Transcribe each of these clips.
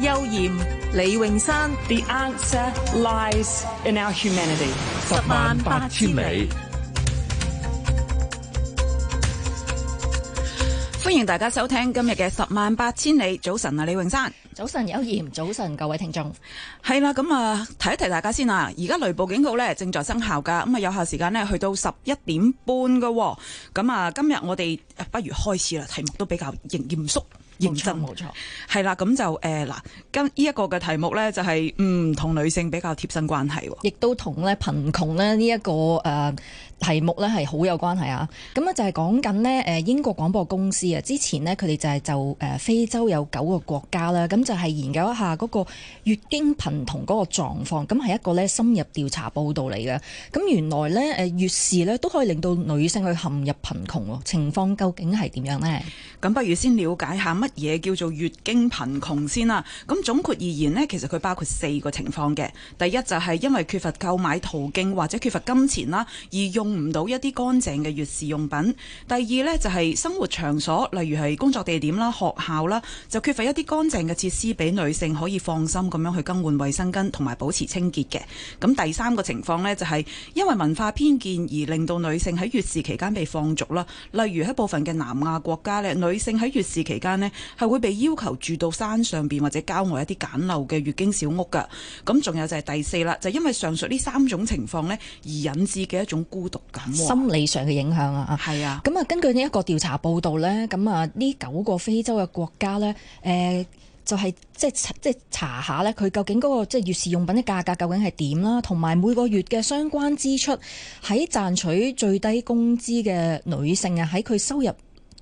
邱賢、李永山，The answer lies in our humanity 十。十萬八千里，歡迎大家收聽今日嘅十萬八千里。早晨啊，李永山，早晨，有賢，早晨，各位聽眾，係啦，咁啊，提一提大家先啊，而家雷暴警告咧，正在生效噶，咁啊有效時間咧去到十一點半噶，咁啊今日我哋不如開始啦，題目都比較嚴嚴肅。認真冇錯，係啦，咁就誒嗱，跟呢、呃、一個嘅題目呢，就係唔同女性比較貼身關係，哦，亦都同咧貧窮咧呢一個誒、呃、題目呢係好有關係啊。咁就係講緊呢誒英國廣播公司啊，之前呢，佢哋就係就誒、呃、非洲有九個國家啦，咁就係研究一下嗰個月經貧窮嗰個狀況，咁係一個呢深入調查報道嚟嘅。咁原來呢，誒、呃、月事呢都可以令到女性去陷入貧窮，情況究竟係點樣呢？咁不如先了解下乜嘢叫做月經貧窮先啦。咁總括而言呢，其實佢包括四個情況嘅。第一就係因為缺乏購買途徑或者缺乏金錢啦，而用唔到一啲乾淨嘅月事用品。第二呢就係生活場所，例如係工作地點啦、學校啦，就缺乏一啲乾淨嘅設施俾女性可以放心咁樣去更換衛生巾同埋保持清潔嘅。咁第三個情況呢，就係因為文化偏見而令到女性喺月事期間被放逐啦。例如喺部分嘅南亞國家呢，女性喺月事期間呢，係會被要求住到山上邊，或者郊外一啲簡陋嘅月經小屋噶，咁仲有就係第四啦，就是、因為上述呢三種情況呢，而引致嘅一種孤獨感，心理上嘅影響啊，係啊，咁啊，根據呢一個調查報道呢，咁啊，呢九個非洲嘅國家呢，誒、呃，就係即係即係查一下呢，佢究竟嗰個即係月事用品嘅價格究竟係點啦，同埋每個月嘅相關支出喺賺取最低工資嘅女性啊，喺佢收入。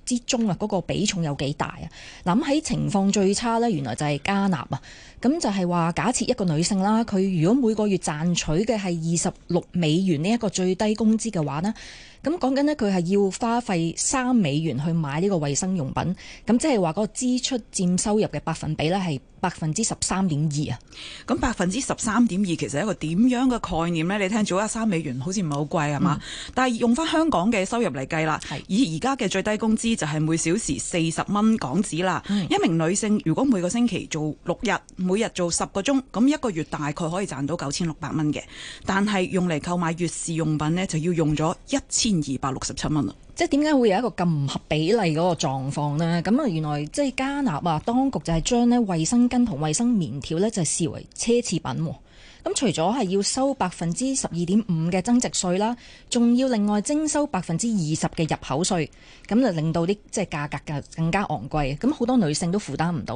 之中啊，嗰、那個比重有幾大啊？諗起情況最差咧，原來就係加納啊。咁就係話，假設一個女性啦，佢如果每個月賺取嘅係二十六美元呢一個最低工資嘅話呢，咁講緊呢，佢係要花費三美元去買呢個衛生用品，咁即係話嗰個支出佔收入嘅百分比呢係百分之十三點二啊！咁百分之十三點二其實係一個點樣嘅概念呢？你聽，早一三美元好似唔係好貴係嘛、嗯？但係用翻香港嘅收入嚟計啦，以而家嘅最低工資就係每小時四十蚊港紙啦、嗯，一名女性如果每個星期做六日。每日做十個鐘，咁一個月大概可以賺到九千六百蚊嘅，但係用嚟購買月事用品呢，就要用咗一千二百六十七蚊啦。即係點解會有一個咁唔合比例嗰個狀況呢？咁啊，原來即係加納啊，當局就係將呢衛生巾同衛生棉條呢，就係視為奢侈品喎。咁除咗係要收百分之十二點五嘅增值稅啦，仲要另外徵收百分之二十嘅入口稅，咁就令到啲即係價格更更加昂貴，咁好多女性都負擔唔到。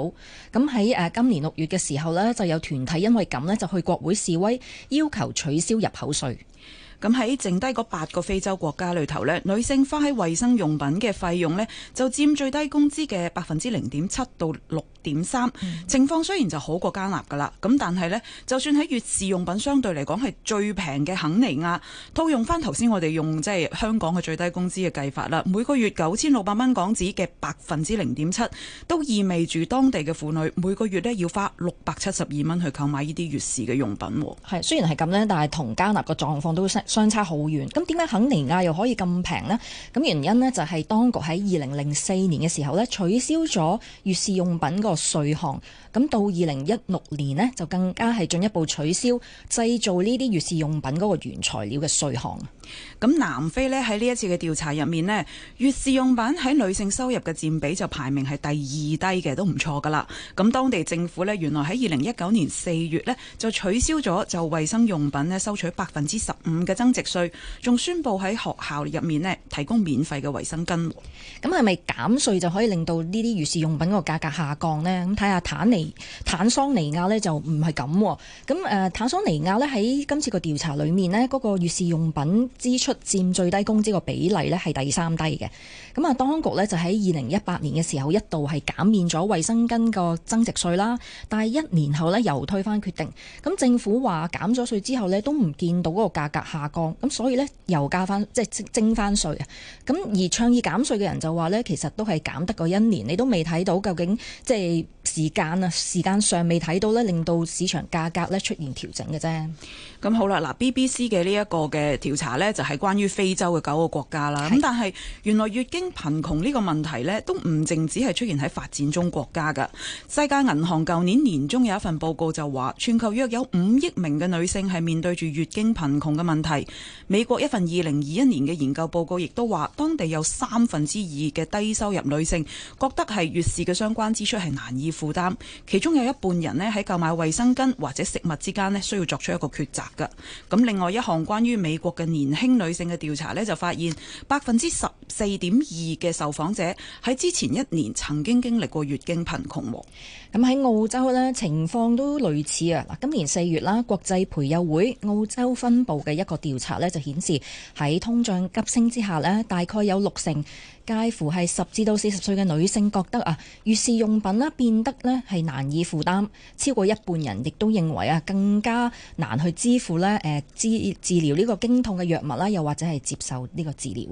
咁喺誒今年六月嘅時候呢，就有團體因為咁呢，就去國會示威，要求取消入口稅。咁喺剩低嗰八個非洲國家裏頭咧，女性花喺衛生用品嘅費用咧，就佔最低工資嘅百分之零點七到六點三。情況雖然就好過加納噶啦，咁但係,咧，就算喺月事用品相對嚟講，係最平嘅肯尼亞，套用翻頭先我哋用即係香港嘅最低工資嘅計法啦，每個月九千六百蚊港紙嘅百分之零點七，都意味住當地嘅婦女每個月咧要花六百七十二蚊去購買呢啲月事嘅用品。係雖然係咁咧，但係同加納嘅狀況都相。相差好遠，咁點解肯尼亞又可以咁平呢？咁原因呢，就係當局喺二零零四年嘅時候咧取消咗月事用品個稅項，咁到二零一六年呢，就更加係進一步取消製造呢啲月事用品個原材料嘅稅項。咁南非呢，喺呢一次嘅調查入面呢，月事用品喺女性收入嘅佔比就排名係第二低嘅，都唔錯噶啦。咁當地政府呢，原來喺二零一九年四月呢，就取消咗就衛生用品呢收取百分之十五嘅。增值稅仲宣布喺學校入面咧提供免費嘅衛生巾，咁係咪減稅就可以令到呢啲月事用品個價格下降咧？咁睇下坦尼坦桑尼亞咧就唔係咁，咁誒坦桑尼亞咧喺今次個調查裏面咧，嗰個月事用品支出佔最低工資個比例咧係第三低嘅。咁啊，當局咧就喺二零一八年嘅時候一度係減免咗衛生巾個增值稅啦，但係一年後咧又推翻決定。咁政府話減咗稅之後咧都唔見到嗰個價格下降。咁所以呢，又加翻，即係徵徵翻稅啊！咁而倡議減稅嘅人就話呢，其實都係減得個一年，你都未睇到究竟即係時間啊，時間尚未睇到呢，令到市場價格呢出現調整嘅啫。咁、嗯、好啦，嗱，BBC 嘅呢一個嘅調查呢，就係關於非洲嘅九個國家啦。咁但係原來月經貧窮呢個問題呢，都唔淨止係出現喺發展中國家噶。世界銀行舊年年中有一份報告就話，全球約有五億名嘅女性係面對住月經貧窮嘅問題。美國一份二零二一年嘅研究報告亦都話，當地有三分之二嘅低收入女性覺得係月事嘅相關支出係難以負擔，其中有一半人咧喺購買衛生巾或者食物之間咧需要作出一個抉擇噶。咁另外一項關於美國嘅年輕女性嘅調查咧，就發現百分之十四點二嘅受訪者喺之前一年曾經經歷過月經貧窮。咁喺澳洲咧情況都類似啊。嗱今年四月啦，國際培幼會澳洲分部嘅一個。調查咧就顯示喺通脹急升之下呢，大概有六成，介乎係十至到四十歲嘅女性覺得啊，月事用品咧變得呢係難以負擔，超過一半人亦都認為啊，更加難去支付呢誒治治療呢個經痛嘅藥物啦，又或者係接受呢個治療。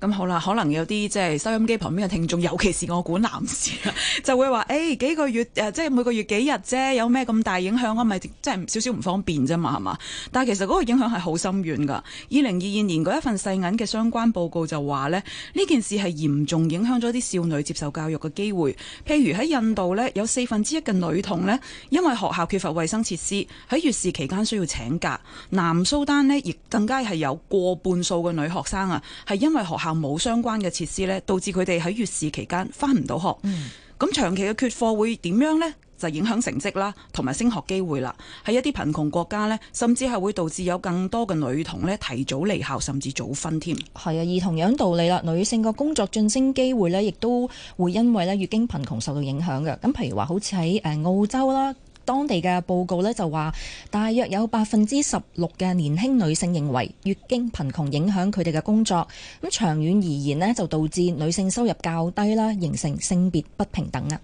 咁好啦，可能有啲即係收音機旁邊嘅聽眾，尤其是我估男士啊，就會話，誒、哎，幾個月誒，即係每個月幾日啫，有咩咁大影響啊？咪即係少少唔方便啫嘛，係嘛？但係其實嗰個影響係好深遠噶。二零二二年嗰一份世銀嘅相關報告就話呢，呢件事係嚴重影響咗啲少女接受教育嘅機會。譬如喺印度呢，有四分之一嘅女童呢，因為學校缺乏衛生設施，喺月事期間需要請假。南蘇丹呢，亦更加係有過半數嘅女學生啊，係因因為學校冇相關嘅設施咧，導致佢哋喺月事期間翻唔到學，嗯、咁長期嘅缺課會點樣呢？就影響成績啦，同埋升學機會啦。喺一啲貧窮國家呢，甚至係會導致有更多嘅女童咧提早離校，甚至早婚添。係啊，而同樣道理啦，女性嘅工作晉升機會呢，亦都會因為咧月經貧窮受到影響嘅。咁譬如話，好似喺澳洲啦。當地嘅報告咧就話，大約有百分之十六嘅年輕女性認為，月經貧窮影響佢哋嘅工作。咁長遠而言呢就導致女性收入較低啦，形成性別不平等啊。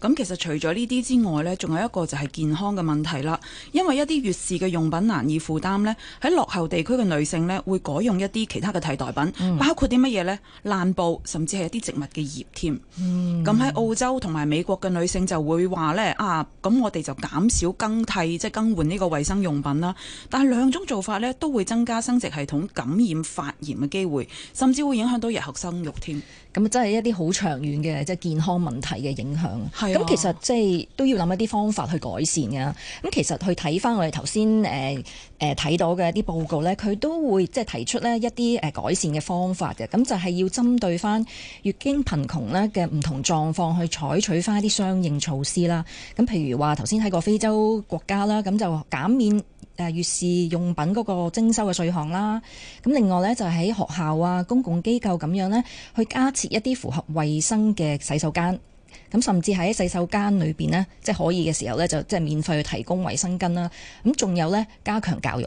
咁其實除咗呢啲之外呢，仲有一個就係健康嘅問題啦。因為一啲月事嘅用品難以負擔呢，喺落後地區嘅女性呢會改用一啲其他嘅替代品，嗯、包括啲乜嘢呢？爛布，甚至係一啲植物嘅葉添。咁、嗯、喺澳洲同埋美國嘅女性就會話呢：「啊，咁我哋就減少更替，即係更換呢個衛生用品啦。」但係兩種做法呢都會增加生殖系統感染發炎嘅機會，甚至會影響到日後生育添。咁真係一啲好長遠嘅即係健康問題嘅影響。咁、啊、其實即係都要諗一啲方法去改善噶。咁其實去睇翻我哋頭先誒誒睇到嘅一啲報告咧，佢都會即係提出咧一啲誒改善嘅方法嘅。咁就係要針對翻月經貧窮咧嘅唔同狀況，去採取翻一啲相應措施啦。咁譬如話頭先睇過非洲國家啦，咁就減免誒月事用品嗰個徵收嘅稅項啦。咁另外咧就喺、是、學校啊、公共機構咁樣咧，去加設一啲符合衛生嘅洗手間。咁甚至喺洗手間裏邊呢，即係可以嘅時候呢，就即係免費去提供衛生巾啦。咁仲有呢，加強教育。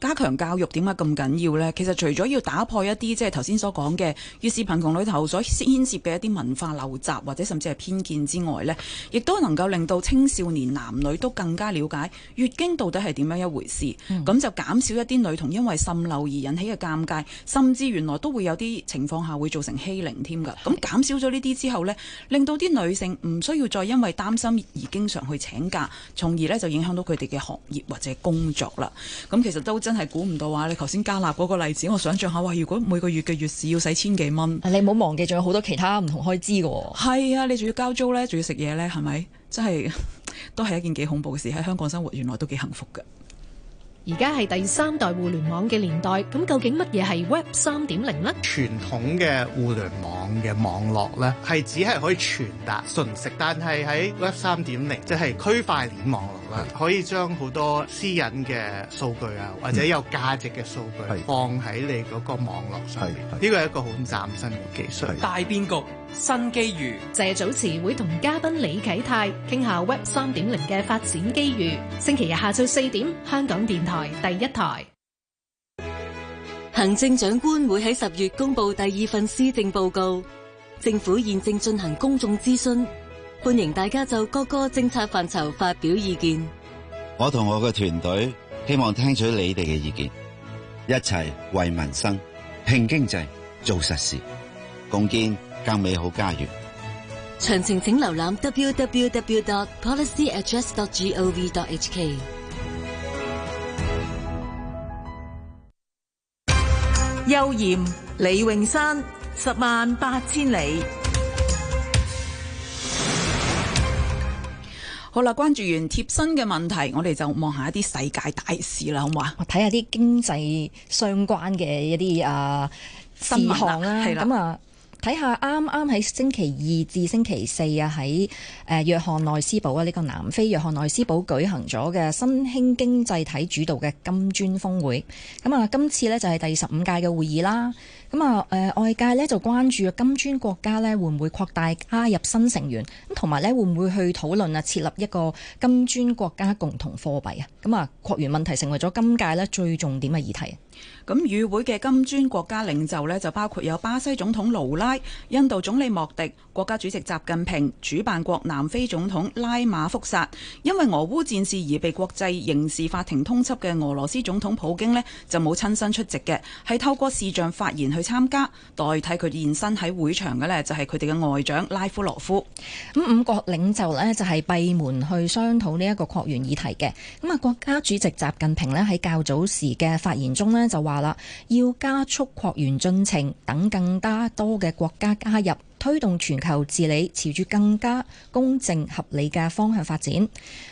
加強教育點解咁緊要呢？其實除咗要打破一啲即係頭先所講嘅月經貧窮裏頭所牽涉嘅一啲文化陋習或者甚至係偏見之外呢，亦都能夠令到青少年男女都更加了解月經到底係點樣一回事。咁、嗯、就減少一啲女童因為滲漏而引起嘅尷尬，甚至原來都會有啲情況下會造成欺凌添㗎。咁減少咗呢啲之後呢，令到啲女性唔需要再因為擔心而經常去請假，從而呢就影響到佢哋嘅學業或者工作啦。咁其實都。真係估唔到話，你頭先加納嗰個例子，我想象下，話如果每個月嘅月事要使千幾蚊，你唔好忘記仲有好多其他唔同開支噶。係啊，你仲要交租呢？仲要食嘢呢？係咪？真係都係一件幾恐怖嘅事。喺香港生活，原來都幾幸福噶。而家係第三代互聯網嘅年代，咁究竟乜嘢係 Web 三點零呢？傳統嘅互聯網。嘅網絡咧，係只係可以傳達訊息，但係喺 Web 三點零，即係區塊鏈網絡啦，可以將好多私隱嘅數據啊，或者有價值嘅數據、嗯、放喺你嗰個網絡上面。呢個係一個好嶄新嘅技術，大變局、新機遇。謝祖慈會同嘉賓李啟泰傾下 Web 三點零嘅發展機遇。星期日下晝四點，香港電台第一台。行政長官會喺十月公布第二份施政報告，政府現正進行公眾諮詢，歡迎大家就各個政策範疇發表意見。我同我嘅團隊希望聽取你哋嘅意見，一齊為民生、拼經濟、做實事，共建更美好家園。詳情請瀏覽 www.policyaddress.gov.hk。邱賢、李永山，十萬八千里。好啦，關注完貼身嘅問題，我哋就望下一啲世界大事啦，好唔好、呃、啊？我睇下啲經濟相關嘅一啲啊新聞啦，係啦，咁啊。睇下啱啱喺星期二至星期四啊，喺、呃、誒約翰內斯堡啊，呢、這個南非約翰內斯堡舉行咗嘅新興經濟體主導嘅金磚峰會。咁啊，今次咧就係、是、第十五屆嘅會議啦。咁啊、呃，外界咧就關注金磚國家咧會唔會擴大加入新成員，咁同埋咧會唔會去討論啊設立一個金磚國家共同貨幣啊。咁啊，擴員問題成為咗今屆咧最重點嘅議題。咁與會嘅金磚國家領袖呢，就包括有巴西總統盧拉、印度總理莫迪、國家主席習近平、主辦國南非總統拉馬福薩。因為俄烏戰事而被國際刑事法庭通緝嘅俄羅斯總統普京呢，就冇親身出席嘅，係透過視像發言去參加，代替佢現身喺會場嘅呢，就係佢哋嘅外長拉夫羅夫。咁五國領袖呢，就係、是、閉門去商討呢一個擴員議題嘅。咁啊，國家主席習近平呢，喺較早時嘅發言中呢。就話啦，要加速擴員進程，等更加多嘅國家加入，推動全球治理朝住更加公正合理嘅方向發展。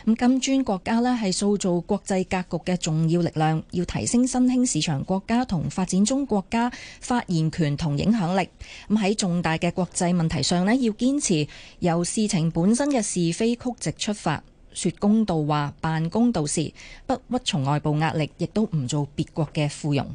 咁金磚國家呢，係塑造國際格局嘅重要力量，要提升新興市場國家同發展中國家發言權同影響力。咁喺重大嘅國際問題上呢，要堅持由事情本身嘅是非曲直出發。說公道話，辦公道事，不屈從外部壓力，亦都唔做別國嘅附庸。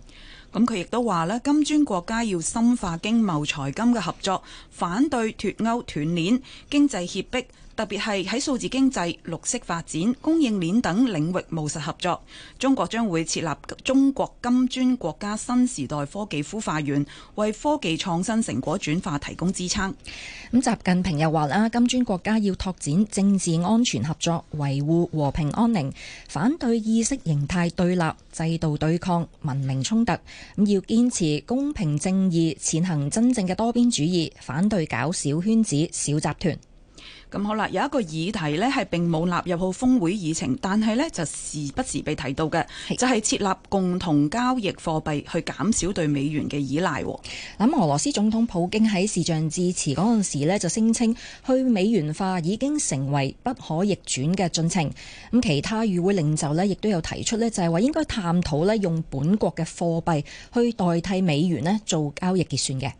咁佢亦都話呢，金磚國家要深化經貿財金嘅合作，反對脫歐斷鏈、經濟脅迫。特別係喺數字經濟、綠色發展、供應鏈等領域務實合作。中國將會設立中國金磚國家新時代科技孵化園，為科技創新成果轉化提供支撐。咁習近平又話啦，金磚國家要拓展政治安全合作，維護和平安寧，反對意識形態對立、制度對抗、文明衝突。咁要堅持公平正義、踐行真正嘅多邊主義，反對搞小圈子、小集團。咁好啦，有一個議題呢，係並冇納入到峰會議程，但係呢，就時不時被提到嘅，就係設立共同交易貨幣去減少對美元嘅依賴。咁俄羅斯總統普京喺視像致辭嗰陣時咧，就聲稱去美元化已經成為不可逆轉嘅進程。咁其他與會領袖呢，亦都有提出呢，就係話應該探討呢，用本國嘅貨幣去代替美元呢，做交易結算嘅。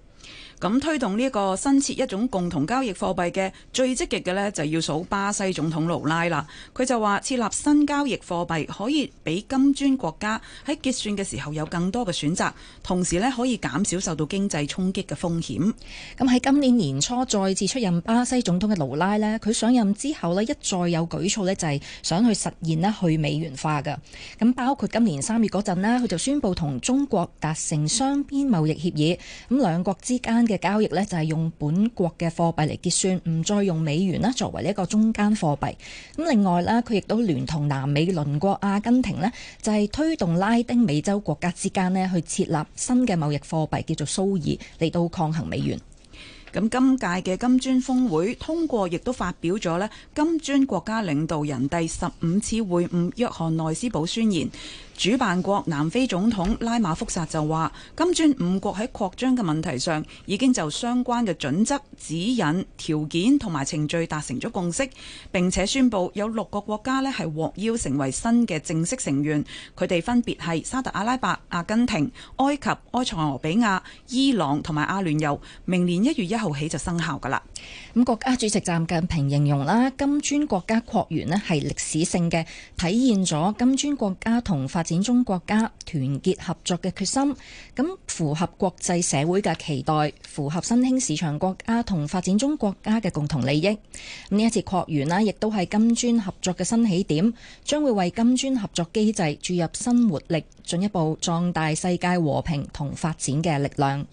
咁推動呢個新設一種共同交易貨幣嘅最積極嘅呢，就要數巴西總統盧拉啦。佢就話設立新交易貨幣可以俾金磚國家喺結算嘅時候有更多嘅選擇，同時呢，可以減少受到經濟衝擊嘅風險。咁喺今年年初再次出任巴西總統嘅盧拉呢，佢上任之後呢，一再有舉措呢，就係想去實現咧去美元化嘅。咁包括今年三月嗰陣咧，佢就宣布同中國達成雙邊貿易協議，咁兩國之間嘅。嘅交易咧就係用本國嘅貨幣嚟結算，唔再用美元啦作為呢一個中間貨幣。咁另外啦，佢亦都聯同南美鄰國阿根廷呢，就係推動拉丁美洲國家之間呢去設立新嘅貿易貨幣，叫做蘇爾嚟到抗衡美元。咁今屆嘅金磚峰會通過，亦都發表咗呢金磚國家領導人第十五次會晤約翰內斯堡宣言。主辦國南非總統拉馬福薩就話：金磚五國喺擴張嘅問題上，已經就相關嘅準則、指引、條件同埋程序達成咗共識，並且宣布有六個國家咧係獲邀成為新嘅正式成員，佢哋分別係沙特阿拉伯、阿根廷、埃及、埃塞俄比亞、伊朗同埋阿聯酋。明年一月一號起就生效噶啦。咁國家主席習近平形容啦，金磚國家擴員咧係歷史性嘅，體現咗金磚國家同發。展中國家團結合作嘅決心，咁符合國際社會嘅期待，符合新興市場國家同發展中國家嘅共同利益。呢一次擴員啦，亦都係金磚合作嘅新起點，將會為金磚合作機制注入新活力，進一步壯大世界和平同發展嘅力量。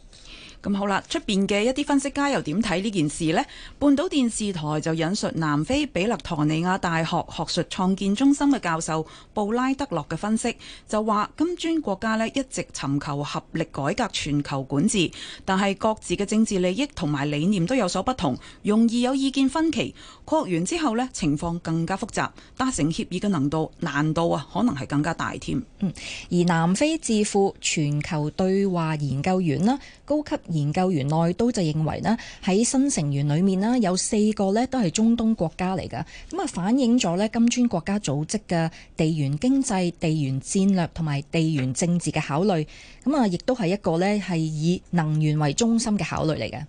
咁好啦，出面嘅一啲分析家又點睇呢件事呢？半島電視台就引述南非比勒陀利亞大學學術創建中心嘅教授布拉德洛嘅分析，就話金磚國家呢一直尋求合力改革全球管治，但係各自嘅政治利益同埋理念都有所不同，容易有意見分歧。擴完之後呢情況更加複雜，達成協議嘅難度難度啊，可能係更加大添。嗯，而南非智庫全球對話研究員啦。高級研究員內都就認為咧，喺新成員裏面有四個都係中東國家嚟㗎，咁啊反映咗咧金磚國家組織嘅地緣經濟、地緣戰略同埋地緣政治嘅考慮，咁啊亦都係一個咧係以能源為中心嘅考慮嚟嘅。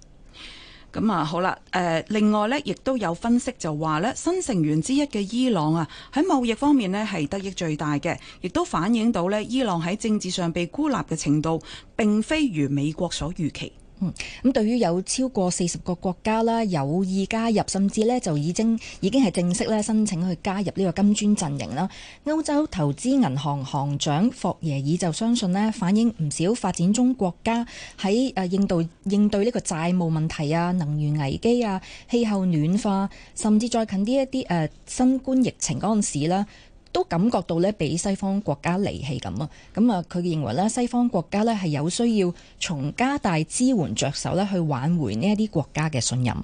咁啊，好啦，誒另外咧，亦都有分析就話咧，新成員之一嘅伊朗啊，喺貿易方面咧係得益最大嘅，亦都反映到咧，伊朗喺政治上被孤立嘅程度並非如美國所預期。咁、嗯嗯、對於有超過四十個國家啦，有意加入，甚至咧就已經已經係正式咧申請去加入呢個金磚陣營啦。歐洲投資銀行行長霍耶爾就相信呢，反映唔少發展中國家喺誒、呃、應對呢個債務問題啊、能源危機啊、氣候暖化，甚至再近啲一啲、呃、新冠疫情嗰陣時啦。都感覺到畀西方國家離棄噉啊！噉啊，佢認為西方國家是係有需要從加大支援着手去挽回呢啲國家嘅信任。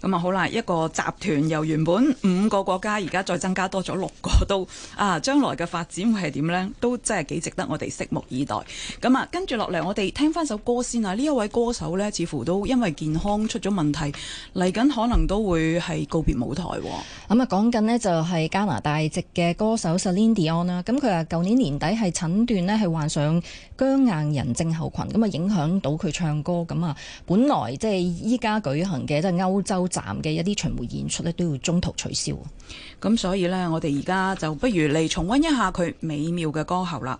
咁、嗯、啊好啦，一個集團由原本五個國家，而家再增加多咗六個都啊將來嘅發展會係點咧？都真係幾值得我哋拭目以待。咁、嗯、啊，跟住落嚟，我哋聽翻首歌先啊！呢一位歌手咧，似乎都因為健康出咗問題，嚟緊可能都會係告別舞台，哦。咁啊，講緊咧就係加拿大籍嘅歌手 Celine Dion 啦。咁佢話舊年年底係診斷咧係患上僵硬人症候群，咁啊影響到佢唱歌。咁啊，本來即係依家舉行嘅即係歐洲站嘅一啲巡迴演出咧都要中途取消，咁所以咧，我哋而家就不如嚟重溫一下佢美妙嘅歌喉啦。